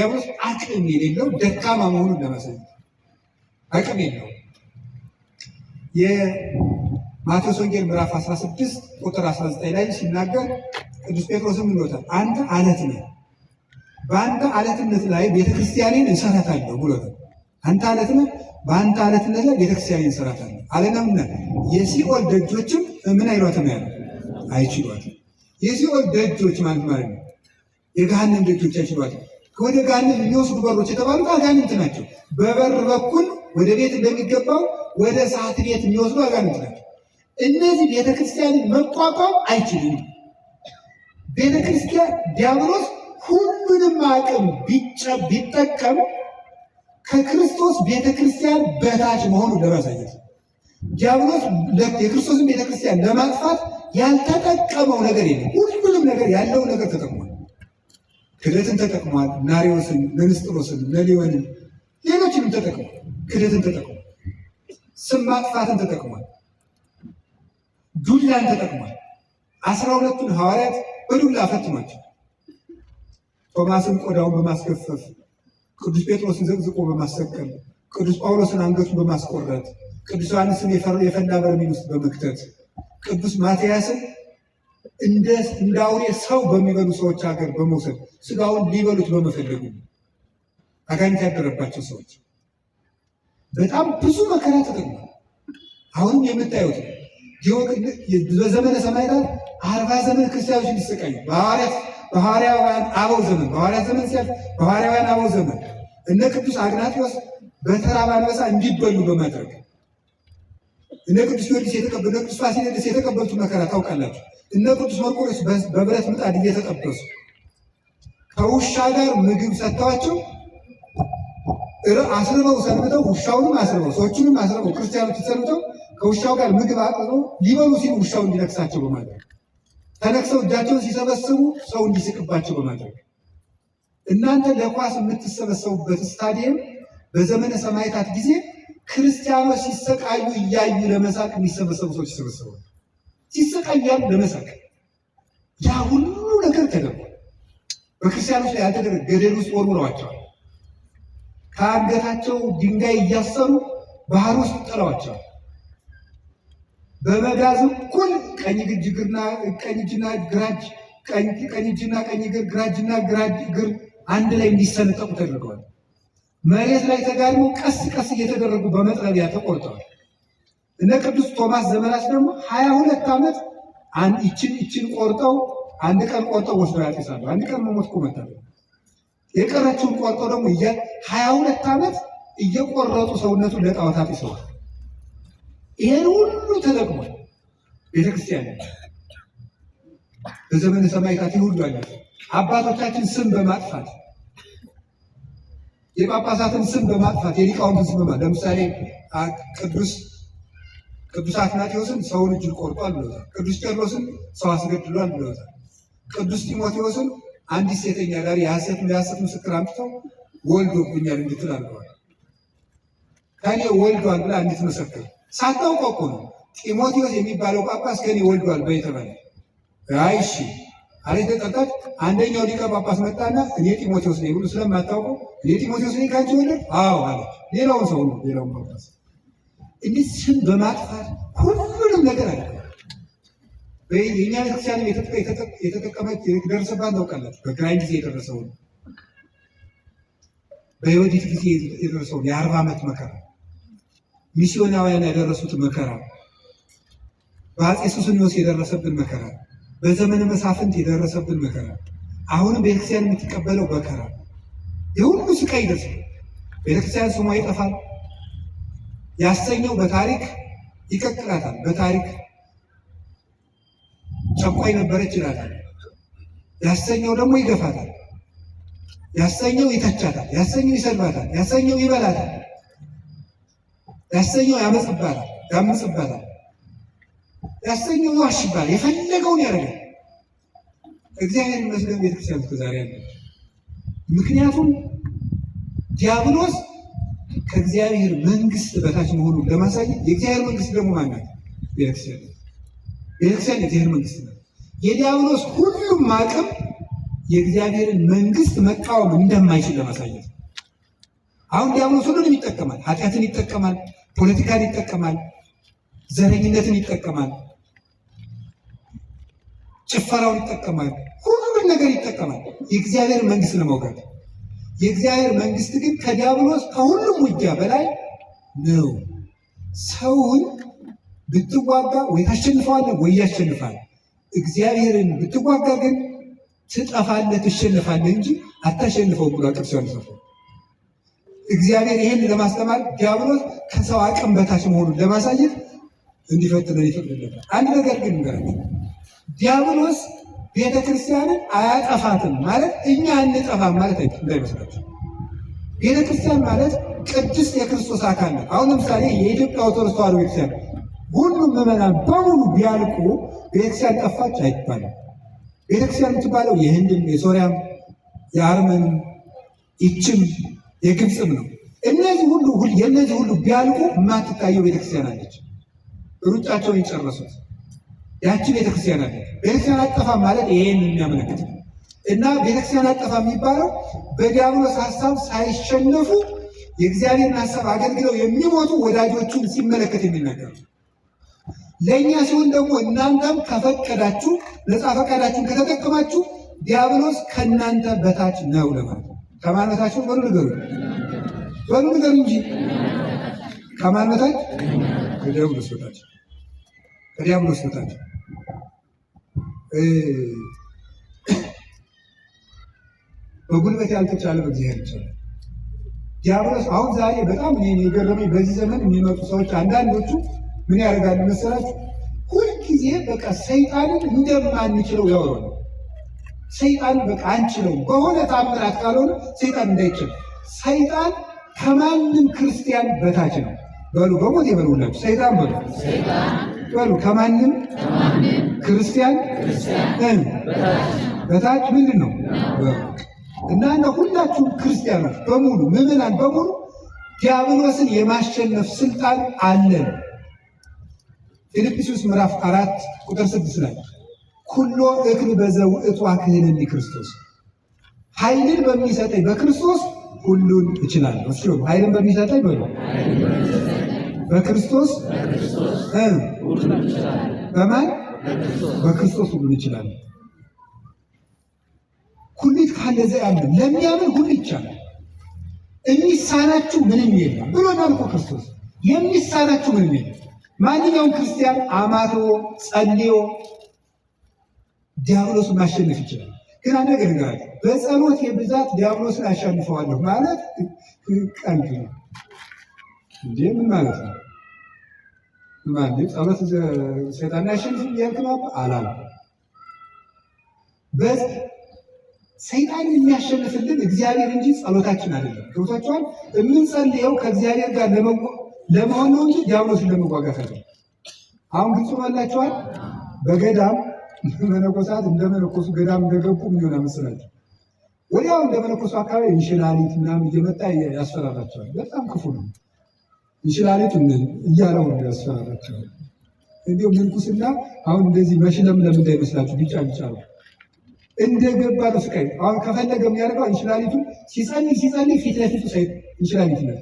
ደግሞ አቅም የሌለው ደካማ መሆኑን ለመሰል አቅም የለው። የማቴዎስ ወንጌል ምዕራፍ 16 ቁጥር 19 ላይ ሲናገር ቅዱስ ጴጥሮስም ብሎታል፣ አንተ አለት ነህ፣ በአንተ አለትነት ላይ ቤተክርስቲያኔን እንሰራታለሁ ብሎታል። አንተ አለት ነህ፣ በአንተ አለትነት ላይ ቤተክርስቲያኔን እንሰራታለሁ አለናምነ የሲኦል ደጆችም ምን አይሏትም ያለ አይችሏትም። የሲኦል ደጆች ማለት ማለት ነው የገሃነም ደጆች አይችሏትም። ወደ ጋንብ የሚወስዱ በሮች የተባሉት አጋንንት ናቸው። በበር በኩል ወደ ቤት እንደሚገባው ወደ ሰዓት ቤት የሚወስዱ አጋንንት ናቸው። እነዚህ ቤተክርስቲያንን መቋቋም አይችልም። ቤተክርስቲያን ዲያብሎስ ሁሉንም አቅም ቢጠቀም ከክርስቶስ ቤተክርስቲያን በታች መሆኑን ለማሳየት ዲያብሎስ የክርስቶስን ቤተክርስቲያን ለማጥፋት ያልተጠቀመው ነገር የለም። ሁሉንም ነገር ያለው ነገር ተጠቅሟል። ክደትን ተጠቅሟል። ናሪዎስን፣ መንስጥሮስን፣ መሊዮንን ሌሎችንም ተጠቅሟል። ክደትን ተጠቅሟል። ስም ማጥፋትን ተጠቅሟል። ዱላን ተጠቅሟል። አስራ ሁለቱን ሐዋርያት በዱላ ፈትኗቸው፣ ቶማስን ቆዳውን በማስገፈፍ ቅዱስ ጴጥሮስን ዘቅዝቆ በማሰቀል ቅዱስ ጳውሎስን አንገቱን በማስቆረጥ ቅዱስ ዮሐንስን የፈላ በርሜል ውስጥ በመክተት ቅዱስ ማትያስን እንደ አውሬ ሰው በሚበሉ ሰዎች ሀገር በመውሰድ ስጋውን ሊበሉት በመፈለጉ አጋንንት ያደረባቸው ሰዎች በጣም ብዙ መከራ ተጠቅሟል። አሁንም የምታዩት በዘመነ ሰማዕታት አርባ ዘመን ክርስቲያኖች እንዲሰቃዩ በሐዋርያውያን አበው ዘመን በሐዋርያት ዘመን ሲያል በሐዋርያውያን አበው ዘመን እነ ቅዱስ አግናጢዎስ በተራብ አንበሳ እንዲበሉ በማድረግ እነ ቅዱስ ጊዮርጊስ የተቀበሉ ቅዱስ ፋሲለደስ የተቀበሉት መከራ ታውቃላችሁ። እነ ቅዱስ መርቆሬዎስ በብረት ምጣድ እየተጠበሱ ከውሻ ጋር ምግብ ሰጥተዋቸው አስርበው ሰንብተው ውሻውንም አስርበው ሰዎቹንም አስርበው ክርስቲያኖች ሰንብተው ከውሻው ጋር ምግብ አቅርበው ሊበሉ ሲሉ ውሻው እንዲነክሳቸው በማድረግ ተነክሰው እጃቸውን ሲሰበስቡ ሰው እንዲስቅባቸው በማድረግ እናንተ ለኳስ የምትሰበሰቡበት ስታዲየም በዘመነ ሰማዕታት ጊዜ ክርስቲያኖች ሲሰቃዩ እያዩ ለመሳቅ የሚሰበሰቡ ሰዎች ይሰበሰባሉ። ሲሰቃያል ለመሰቀል ያ ሁሉ ነገር ተገባ። በክርስቲያኖች ላይ ያልተደረገ ገደል ውስጥ ወርውረዋቸዋል። ከአንገታቸው ድንጋይ እያሰሩ ባህር ውስጥ ጥለዋቸዋል። በመጋዝ እኩል ቀኝ እጅና ቀኝ እግር ግራጅና ግራጅ እግር አንድ ላይ እንዲሰነጠቁ ተደርገዋል። መሬት ላይ ተጋድሞ ቀስ ቀስ እየተደረጉ በመጥረቢያ ተቆርጠዋል። እነ ቅዱስ ቶማስ ዘመናት ደግሞ ሀያ ሁለት ዓመት ይችን ይችን ቆርጠው አንድ ቀን ቆርጠው ወስደው ያጤሳሉ። አንድ ቀን መሞት እኮ መታለ። የቀረችውን ቆርጠው ደግሞ ሀያ ሁለት ዓመት እየቆረጡ ሰውነቱን ለጣዖታት ይሰዋል። ይህን ሁሉ ተጠቅሟል ቤተክርስቲያን በዘመነ ሰማዕታት ይሁሉ አለ አባቶቻችን ስም በማጥፋት የጳጳሳትን ስም በማጥፋት የሊቃውንትን ስም በማ ለምሳሌ ቅዱስ ቅዱስ አትናቴዎስን ሰውን እጅ ቆርጧል ብለውታል። ቅዱስ ቄርሎስን ሰው አስገድሏል ብለውታል። ቅዱስ ጢሞቴዎስን አንዲት ሴተኛ ጋር የሐሰት የሐሰት ምስክር አምጥተው ወልዶብኛል እንድትል አድርገዋል። ከኔ ወልዷል ብላ አንዲት እንድትመሰክር ሳታውቀው እኮ ነው። ጢሞቴዎስ የሚባለው ጳጳስ ከኔ ወልዷል በየተባለ አይሺ አሬ ተጠጣት። አንደኛው ሊቀ ጳጳስ መጣና እኔ ጢሞቴዎስ ነኝ ብሎ ስለማታውቀው እኔ ጢሞቴዎስ ነኝ ከአንቺ ወለድ አዎ አለ። ሌላውን ሰው ነው ሌላውን ጳጳስ እንዲህ ስም በማጥፋት ሁሉንም ነገር አለ። የእኛ ቤተክርስቲያን የተጠቀመች የደረሰባት ታውቃላችሁ። በግራኝ ጊዜ የደረሰውን በዮዲት ጊዜ የደረሰውን የአርባ ዓመት መከራ ሚስዮናውያን ያደረሱት መከራ በአጼ ሱስንዮስ የደረሰብን መከራ በዘመነ መሳፍንት የደረሰብን መከራ አሁንም ቤተክርስቲያን የምትቀበለው መከራ የሁሉ ስቃይ ይደርሳል። ቤተክርስቲያን ስሟ ይጠፋል። ያሰኘው በታሪክ ይቀጥላታል። በታሪክ ጨቋኝ ነበረች ይላታል። ያሰኘው ደግሞ ይገፋታል። ያሰኘው ይተቻታል። ያሰኘው ይሰድባታል። ያሰኘው ይበላታል። ያሰኘው ያመጽባታል፣ ያምጽባታል። ያሰኘው ይዋሽባታል የፈለገውን ያደርጋል። እግዚአብሔር ይመስገን ቤተክርስቲያን እስከ ዛሬ ምክንያቱም ዲያብሎስ ከእግዚአብሔር መንግስት በታች መሆኑን ለማሳየት የእግዚአብሔር መንግስት ደግሞ ማናት? ቤተክርስቲያን። ቤተክርስቲያን የእግዚአብሔር መንግስት ነው። የዲያብሎስ ሁሉም አቅም የእግዚአብሔርን መንግስት መቃወም እንደማይችል ለማሳየት ነው። አሁን ዲያብሎስ ሁሉንም ይጠቀማል። ኃጢአትን ይጠቀማል፣ ፖለቲካን ይጠቀማል፣ ዘረኝነትን ይጠቀማል፣ ጭፈራውን ይጠቀማል፣ ሁሉም ነገር ይጠቀማል የእግዚአብሔር መንግስት ለመውጋት የእግዚአብሔር መንግስት ግን ከዲያብሎስ ከሁሉም ውጊያ በላይ ነው። ሰውን ብትዋጋ ወይ ታሸንፈዋለህ ወይ ያሸንፋል። እግዚአብሔርን ብትዋጋ ግን ትጠፋለህ፣ ትሸንፋለህ እንጂ አታሸንፈውም ብሎ ቅዱስ ዮሐንስ እግዚአብሔር ይህን ለማስተማር ዲያብሎስ ከሰው አቅም በታች መሆኑን ለማሳየት እንዲፈትነን ይፈቅድለታል። አንድ ነገር ግን ንገራቸው ዲያብሎስ ቤተ ክርስቲያንን አያጠፋትም ማለት እኛ አንጠፋም ማለት እንዳይመስላችሁ። ቤተ ክርስቲያን ማለት ቅድስት የክርስቶስ አካል ነው። አሁን ለምሳሌ የኢትዮጵያ ኦርቶዶክስ ተዋሕዶ ቤተክርስቲያን ሁሉም ምዕመናን በሙሉ ቢያልቁ ቤተክርስቲያን ጠፋች አይባልም። ቤተክርስቲያን የምትባለው የህንድም፣ የሶሪያም፣ የአርመንም ይችም የግብፅም ነው። እነዚህ ሁሉ የእነዚህ ሁሉ ቢያልቁ የማትታየው ቤተክርስቲያን አለች። ሩጫቸውን የጨረሱት ያቺ ቤተክርስቲያን አለ። ቤተክርስቲያን አጠፋ ማለት ይሄን የሚያመለክት እና ቤተክርስቲያን አጠፋ የሚባለው በዲያብሎስ ሀሳብ ሳይሸነፉ የእግዚአብሔርን ሀሳብ አገልግለው የሚሞቱ ወዳጆቹን ሲመለከት የሚናገሩ ለእኛ ሲሆን ደግሞ እናንተም ከፈቀዳችሁ ነፃ ፈቃዳችሁን ከተጠቀማችሁ ዲያብሎስ ከእናንተ በታች ነው ለማለት ከማንበታችሁ በሉ ንገሩ፣ በሉ ንገሩ እንጂ ከማንበታች ከዲያብሎስ በታች፣ ከዲያብሎስ በታች በጉልበት ያልተቻለ በእግዚአብሔር ይቻላል። ዲያብሎስ አሁን ዛሬ በጣም የገረመኝ በዚህ ዘመን የሚመጡ ሰዎች አንዳንዶቹ ምን ያደርጋሉ መሰላችሁ? ሁልጊዜ በቃ ሰይጣንን እንደማንችለው ያወራሉ። ሰይጣን በቃ አንችለው በሆነ ታምራት ካልሆነ ሰይጣን እንዳይችል ሰይጣን ከማንም ክርስቲያን በታች ነው በሉ በሞት የበሉላችሁ ሰይጣን በሉ በሉ ከማንም ክርስቲያን በታች ምንድን ነው እና እና ሁላችሁም ክርስቲያኖች በሙሉ ምዕመናን በሙሉ ዲያብሎስን የማሸነፍ ስልጣን አለን። ፊልጵስዩስ ምዕራፍ አራት ቁጥር ስድስት ላይ ኩሎ እክል በዘው እቷ ክርስቶስ ኃይልን በሚሰጠኝ በክርስቶስ ሁሉን እችላለሁ። እሱ ኃይልን በሚሰጠኝ በሉ በክርስቶስ በማን በክርስቶስ ሁሉን ይችላል። ኩሊት ካለ ዘያምን ለሚያምን ሁሉ ይቻላል። የሚሳናችሁ ምንም የለም ብሎ እኮ ክርስቶስ። የሚሳናችሁ ምንም የለም። ማንኛውም ክርስቲያን አማቶ ጸልዮ ዲያብሎስን ማሸነፍ ይችላል። ግን አንድ ነገር ጋር በጸሎት የብዛት ዲያብሎስን አሸንፈዋለሁ ማለት ቀንድ ነው እንዴ? ምን ማለት ነው? ማን ጸሎት ሰይጣን ያሸንፍ የክማብ አላል በስ ሰይጣን የሚያሸንፍልን እግዚአብሔር እንጂ ጸሎታችን አይደለም። ገብቷችኋል? የምንጸልየው ከእግዚአብሔር ጋር ለመሆን ነው እንጂ ዲያብሎስን ለመዋጋት አይደለም። አሁን ግጹ አላችኋል። በገዳም መነኮሳት እንደመነኮሱ ገዳም እንደገቡ ምን ሆነ መሰላችሁ? ወዲያው እንደመነኮሱ አካባቢ እንሽላሊት ምናምን እየመጣ ያስፈራራቸዋል። በጣም ክፉ ነው። ሚሽናሪት ነን እያለው ያስፈራራቸው። እንዲሁ ምንኩስና አሁን እንደዚህ ለምን እንዳይመስላችሁ ቢጫ ቢጫ ነው እንደገባ ነው ስቃይ። አሁን ከፈለገ የሚያደርገው እንሽላሊቱ ሲጸልይ ሲጸልይ ፊት ለፊቱ እንሽላሊት ነው።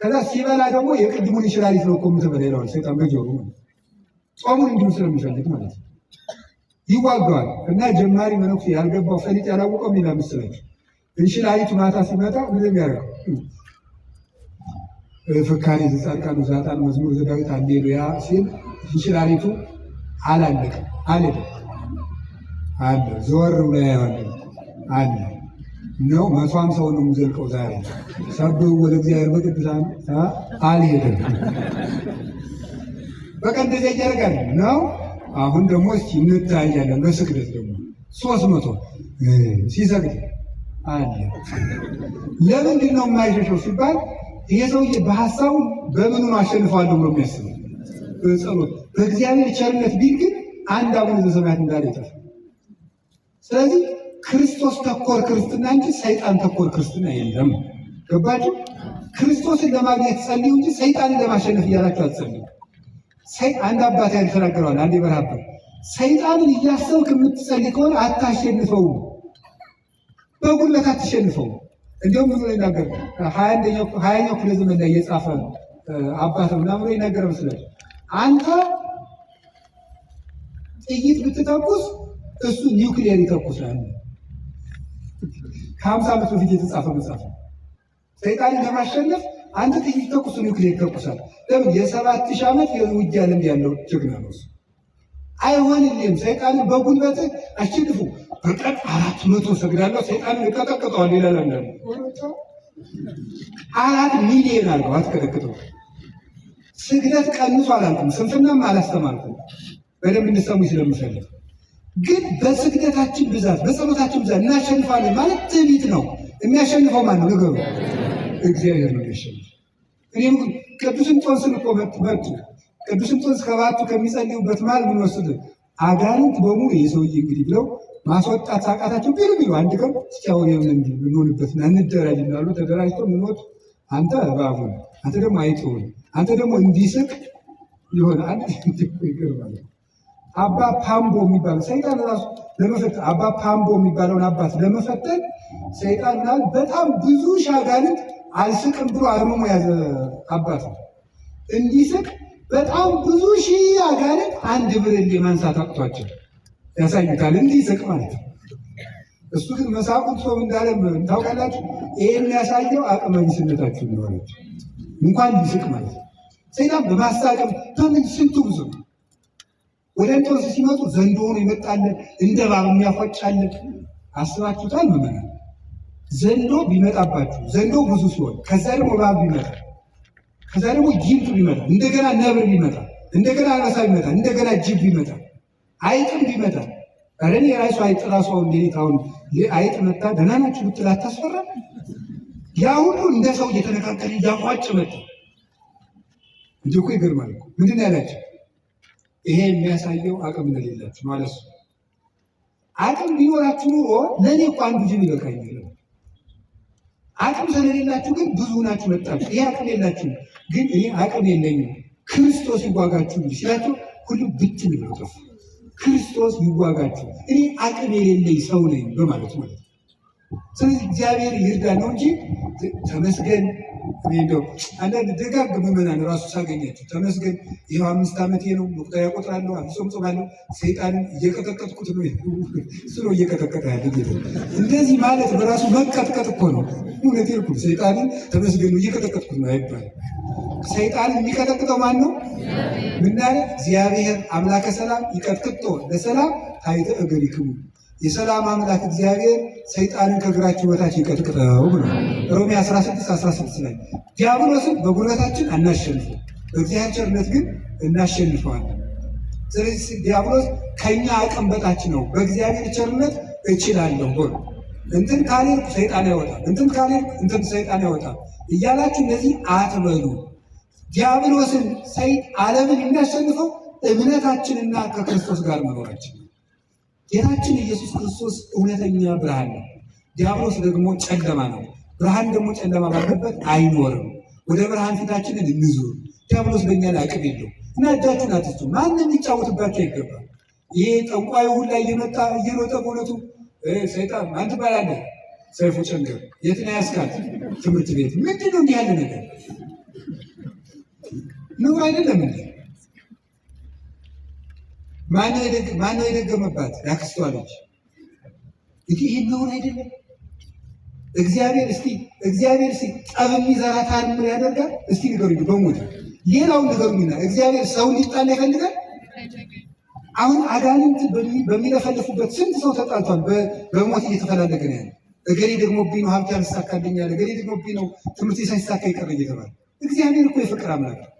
ከዛ ሲበላ ደግሞ የቅድሙን እንሽላሊት ነው እኮ የምትበላ ይለዋል ሰይጣን በጆሮ ጾሙን እንዲሁ ስለሚፈልግ ማለት ነው ይዋጋዋል። እና ጀማሪ መነኩሴ ያልገባው ፈሊጥ ያላወቀው የሚላ ምስላችሁ እንሽላሊቱ ማታ ሲመጣ ምንም ያደርገው ፍካሬ ዘጻድቃን ወዘኃጥአን መዝሙር ዘዳዊት ሃሌሉያ ሲል እንሽላሊቱ አላለቅም አልሄደ አለ ዘወር ብሎ ያዋለ አለ ነው መቷም ሰው ነው የሚዘልቀው። ዛሬ ሰብህ ወደ እግዚአብሔር በቅዱሳን አልሄደም። በቀን ጊዜ ያደርጋል ነው። አሁን ደግሞ እስኪ እንታያለን። በስግደት ደግሞ ሶስት መቶ ሲሰግድ አለ። ለምንድን ነው የማይሸሸው ሲባል ይሄ ሰውዬ በሀሳቡ በምኑ አሸንፈዋለሁ ብሎ የሚያስብ በጸሎት በእግዚአብሔር ቸርነት ቢል ግን አንድ አቡነ ዘበሰማያት እንዳለ ይጠፋል። ስለዚህ ክርስቶስ ተኮር ክርስትና እንጂ ሰይጣን ተኮር ክርስትና የለም። ገባችሁ? ክርስቶስን ለማግኘት ጸልዩ እንጂ ሰይጣንን ለማሸነፍ እያላችሁ አትጸልዩ። አንድ አባት ያል ተናግረዋል። አንድ በረሃብ ሰይጣንን እያሰብክ የምትጸልይ ከሆነ አታሸንፈውም፣ በጉልበት አትሸንፈውም። እንዲሁም ብዙ ላይ ነገር ሀያኛው ክፍለ ዘመን ላይ የጻፈ አባት ነው ምናምን ይናገር መስላል። አንተ ጥይት ብትተኩስ እሱ ኒውክሊየር ይተኩሳል። ከሀምሳ ዓመት በፊት የተጻፈ መጽሐፍ ነው። ሰይጣንን ለማሸነፍ አንተ ጥይት ተኩስ፣ ኒውክሊየር ይተኩሳል። ለምን የሰባት ሺህ ዓመት የውጊያ ልምድ ያለው ጀግና ነው። አይሆንልም። ሰይጣንን በጉልበትህ አሸንፉ በቀን አራት መቶ ሰግዳለሁ ሰይጣን እንቀጠቅጠዋል ይላል። አንዳንዱ አራት ሚሊዮን አለው አትቀጠቅጠው። ስግደት ቀንሶ አላልኩም፣ ስንፍናም አላስተማርኩም። በደንብ እንሰሙ ስለምፈልግ ግን በስግደታችን ብዛት በጸሎታችን ብዛት እናሸንፋለን ማለት ትዕቢት ነው። የሚያሸንፈው ማን ነው? ንገሩ። እግዚአብሔር ነው ያሸንፍ። እኔም ቅዱስን ጦንስን እኮ በቱ ቅዱስን ጦንስ ከባቱ ከሚጸልዩበት ማል ብንወስድ አጋንንት በሙሉ የሰውዬ እንግዲህ ብለው ማስወጣት አቃታቸው። ቢሉ ቢሉ አንድ ቀን እስካሁን ምን እንሆንበት እንደራጅ እንዳሉ ተደራጅቶ ምኖት አንተ እባቡን፣ አንተ ደግሞ አይጥውን፣ አንተ ደግሞ እንዲስቅ ይሆን አንድ ይገርማል። አባ ፓምቦ የሚባለው ሰይጣን ራሱ ለመፈተን አባ ፓምቦ የሚባለውን አባት ለመፈተን ሰይጣን ላል በጣም ብዙ ሻጋንት አልስቅም ብሎ አርምሞ ያዘ አባት ነው። እንዲስቅ በጣም ብዙ ሺህ አጋንንት አንድ ብርሌ ማንሳት አቅቷቸው ያሳዩታል። እንዲህ ስቅ ማለት ነው። እሱ ግን መሳቁን ሰው እንዳለ ታውቃላችሁ። ይሄ የሚያሳየው አቅመ ቢስነታችሁ ነው። እንኳን ሊስቅ ማለት ነው። ሰይጣን በማሳቀም ታምን ስንቱ ብዙ ነው። ወደ እንጦንስ ሲመጡ ዘንዶ ይመጣለን፣ እንደ ባብ የሚያፈጫለን አስባችሁታል? መመና ዘንዶ ቢመጣባችሁ ዘንዶ ብዙ ሲሆን ከዛ ደግሞ ባብ ቢመጣ ከዛ ደግሞ ጅብ ቢመጣ እንደገና ነብር ቢመጣ እንደገና አነሳ ቢመጣ እንደገና ጅብ ቢመጣ አይጥ እንዲመጣል ረን የራሱ አይጥ ራሷ እንዴት አሁን አይጥ መጣ ደህና ናችሁ ብትል አታስፈራ። ያ ሁሉ እንደ ሰው እየተነቃቀል እያፏጭ መጣ። እንዲ እኮ ይገርማል። ምንድን ያላቸው ይሄ የሚያሳየው አቅም እንደሌላችሁ ማለት ነው። አቅም ቢኖራችሁ ኖሮ ለእኔ እኮ አንዱ ጅብ ይበቃኝ። አቅም ስለሌላችሁ ግን ብዙ ናችሁ መጣችሁ። ይሄ አቅም የላችሁ ግን ይሄ አቅም የለኝም ክርስቶስ ይዋጋችሁ ሲላቸው ሁሉ ብትን ይብለው ክርስቶስ ይዋጋችሁ፣ እኔ አቅም የሌለኝ ሰው ነኝ በማለት ማለት ስለዚህ እግዚአብሔር ይርዳን ነው እንጂ ተመስገን እንደው አንዳንድ ደጋግ ምዕመናን ራሱ ሳገኛቸው ተመስገን ይኸው አምስት ዓመቴ ነው መቁጠሪያ እቆጥራለሁ፣ ጾም ጾማለሁ፣ ሰይጣን እየቀጠቀጥኩት ነው ስሎ እየቀጠቀጠ ያለ እንደዚህ ማለት በራሱ መቀጥቀጥ እኮ ነው። እውነት ልኩ ሰይጣንን ተመስገን እየቀጠቀጥኩት ነው አይባልም። ሰይጣን የሚቀጠቅጠው ማን ነው? ምናለት እግዚአብሔር አምላከ ሰላም ይቀጥቅጦ ለሰላም ታይተ እግሪክሙ የሰላም አምላክ እግዚአብሔር ሰይጣንን ከእግራችሁ በታች ይቀጥቅጠው ብሎ ሮሜ 16 16 ላይ ዲያብሎስን በጉልበታችን አናሸንፍ፣ በእግዚአብሔር ቸርነት ግን እናሸንፈዋለን። ስለዚህ ዲያብሎስ ከኛ አቅም በታች ነው። በእግዚአብሔር ቸርነት እችላለሁ ብሎ እንትን ካሌ ሰይጣን አይወጣም፣ እንትን ካሌ እንትን ሰይጣን አይወጣም እያላችሁ እነዚህ አትበሉ። ዲያብሎስን ሰይ ዓለምን የሚያሸንፈው እምነታችንና ከክርስቶስ ጋር መኖራችን። ጌታችን ኢየሱስ ክርስቶስ እውነተኛ ብርሃን ነው። ዲያብሎስ ደግሞ ጨለማ ነው። ብርሃን ደግሞ ጨለማ ባለበት አይኖርም። ወደ ብርሃን ፊታችንን እንዙር። ዲያብሎስ በእኛ ላይ አቅም የለው እና እጃችሁን አትስቱ። ማንም ሊጫወትባቸው አይገባል። ይሄ ጠንቋዩ ላይ እየመጣ እየሮጠ በእውነቱ ሰይጣን ማን ትባላለህ? ሰይፉ ጨንገር የትና ያስካት ትምህርት ቤት ምንድነው እንዲህ ያለ ነገር ነውር አይደለም። እንዴ? ማን ማን የደገመባት? ያክስቷ ልጅ እንግዲህ ይሄ ነውር አይደለም። እግዚአብሔር እስቲ እግዚአብሔር እስቲ ጠብ የሚዘራ ታምር ያደርጋል? እስቲ ንገሩኝ በሞት ሌላውን ንገሩኝና እግዚአብሔር ሰው እንዲጣላ ይፈልጋል? አሁን አጋንንት በሚለፈልፉበት ስንት ሰው ተጣልቷል። በሞት እየተፈላለገ ነው ያለ። እገሌ ደግሞ ቢ ነው ሀብት ያልሳካልኛል፣ እገሌ ደግሞ ቢ ነው ትምህርት ሳይሳካ ይቀር እየተባለ እግዚአብሔር እኮ የፍቅር አምላክ ነው።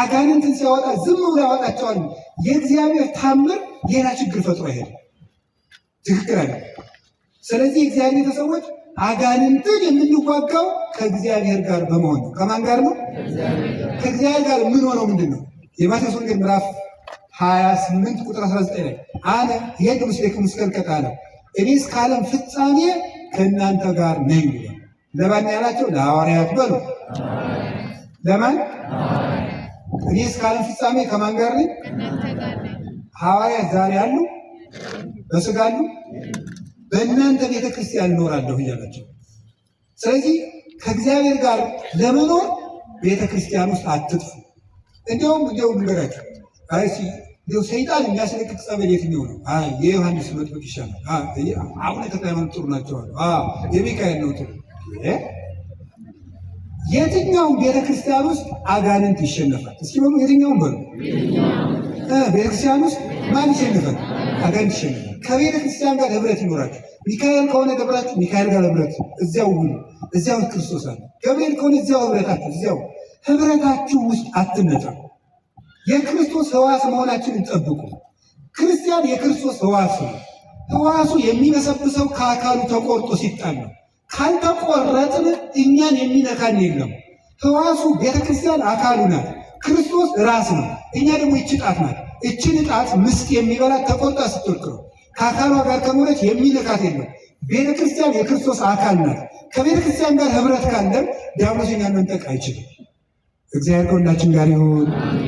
አጋንንትን ሲያወጣ ዝም ብሎ ያወጣቸዋል። የእግዚአብሔር ታምር ሌላ ችግር ፈጥሮ ይሄድ ትክክል አለ። ስለዚህ እግዚአብሔር ቤተሰቦች አጋንንትን የምንዋጋው ከእግዚአብሔር ጋር በመሆን ነው። ከማን ጋር ነው? ከእግዚአብሔር ጋር ምን ሆነው ምንድን ነው? የማቴዎስ ወንጌል ምዕራፍ 28 ቁጥር 19 ላይ አነ የህግ ምስሌክ ምስከልከት አለ እኔ እስከ ዓለም ፍጻሜ ከእናንተ ጋር ነኝ። ለማን ያላቸው? ለሐዋርያት በሉ ለማን እኔ እስከ ዓለም ፍጻሜ ከማን ጋር ነኝ? ሐዋርያት ዛሬ አሉ፣ በስጋ አሉ፣ በእናንተ ቤተ ክርስቲያን እኖራለሁ እያላቸው። ስለዚህ ከእግዚአብሔር ጋር ለመኖር ቤተ ክርስቲያን ውስጥ አትጥፉ። እንዲያውም እንዲያው ንገራቸው አይሲ እንዲያው ሰይጣን የሚያስለቅቅ ጸበል የትኛው ነው? የዮሐንስ መጥምቅ ይሻላል። አቡነ ተክለ ጥሩ ናቸዋል። የሚካኤል ነው ጥሩ የትኛውም ቤተክርስቲያን ውስጥ አጋንንት ይሸነፋል። እስኪ በሉ የትኛውም በሉ ቤተክርስቲያን ውስጥ ማን ይሸነፋል? አጋንንት ይሸነፋል። ከቤተክርስቲያን ጋር ህብረት ይኖራችሁ። ሚካኤል ከሆነ ገብራችሁ ሚካኤል ጋር ህብረት፣ እዚያው ውሉ፣ እዚያው ክርስቶስ አለ። ገብርኤል ከሆነ እዚያው ህብረታችሁ፣ እዚያው ህብረታችሁ ውስጥ አትነጠቁ። የክርስቶስ ህዋስ መሆናችንን ጠብቁ። ክርስቲያን የክርስቶስ ህዋስ ነው። ህዋሱ የሚበሰብሰው ከአካሉ ተቆርጦ ሲጣል ነው። ካልተቆረጥን እኛን የሚነካን የለም። ሕዋሱ ቤተክርስቲያን አካሉ ናት። ክርስቶስ ራስ ነው፣ እኛ ደግሞ ይች ጣት ናት። እችን ጣት ምስጥ የሚበላት ተቆርጣ ስትወልቅ ነው። ከአካሏ ጋር ከመሆነች የሚነካት የለም። ቤተክርስቲያን የክርስቶስ አካል ናት። ከቤተክርስቲያን ጋር ህብረት ካለን ዲያብሎስ እኛን መንጠቅ አይችልም። እግዚአብሔር ከሁላችን ጋር ይሁን።